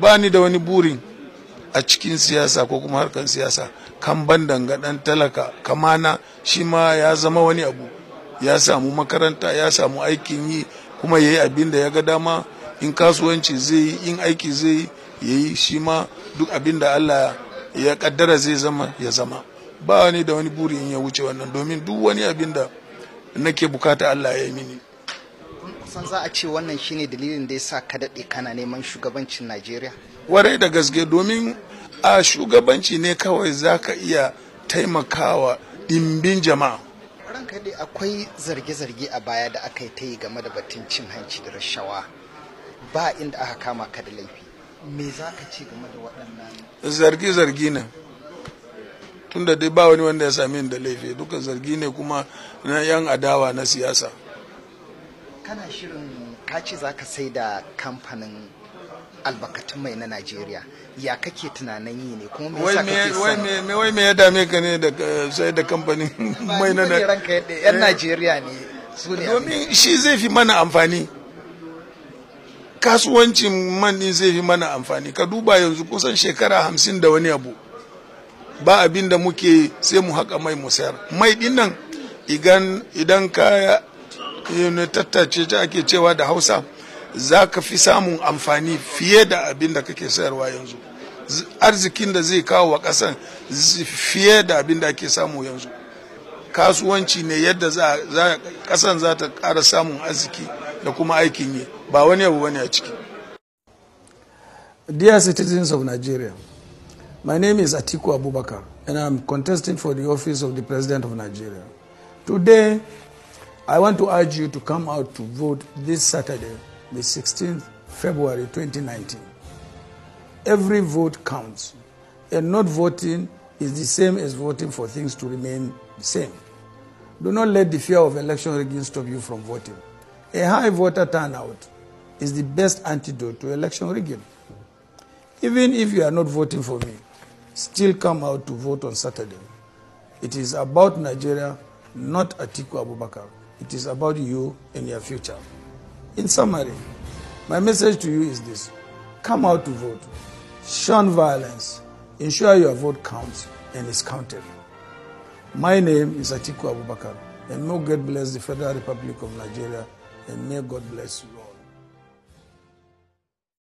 ba ni da wani burin a cikin siyasa ko kuma harkar siyasa kan ban dangadan talaka kamana shi ma ya zama wani abu ya samu makaranta ya samu aikin yi kuma ya yi abin da ya ga dama in kasuwanci zai yi in aiki zai yi ya yi shi ma duk abin da allah ya kaddara zai zama ya zama ba wani da wani buri in ya wuce wannan domin duk wani abin da nake bukata allah ya yi mini san za a ce wannan shine dalilin da ya sa ka daɗe kana neman shugabancin najeriya warai da gaske domin a shugabanci ne kawai za ka iya taimakawa ɗimbin jama'a ranka dai akwai zarge-zarge a baya da aka yi ta yi game da batun cin hanci da rashawa ba inda aka kama ka da laifi me za ka ce game da waɗannan zarge-zarge ne tunda dai ba wani wanda ya sami da laifi duka zargi ne kuma na yan adawa na siyasa kana shirin kaci za ka sai da kamfanin albarkatun mai na najeriya ya kake tunanin yi ne kuma me yasa kake son wai me ya dame ka ne da sai da kamfanin mai na yan eh. najeriya ne su ne domin shi zai fi mana amfani kasuwancin man zai fi mana amfani ka duba yanzu kusan shekara hamsin da wani abu ba abin da muke sai mu haƙa mai mu sayar mai ɗin nan idan kaya ne tattace ta ake cewa da hausa za ka fi samun amfani fiye da abin da kake sayarwa yanzu arzikin da zai kawo wa kasan fiye da abin da ake samu yanzu kasuwanci ne yadda ƙasan za ta ƙara samun arziki da kuma aikin yi ba wani abu wani a ciki dear citizens of nigeria my name is atiku abubakar and i'm contesting for the office of the president of nigeria today I want to urge you to come out to vote this Saturday, the 16th February 2019. Every vote counts, and not voting is the same as voting for things to remain the same. Do not let the fear of election rigging stop you from voting. A high voter turnout is the best antidote to election rigging. Even if you are not voting for me, still come out to vote on Saturday. It is about Nigeria, not Atiku Abubakar. It is about you and your future. In summary, my message to you is this come out to vote, shun violence, ensure your vote counts and is counted. My name is Atiku Abubakar, and may God bless the Federal Republic of Nigeria, and may God bless you all.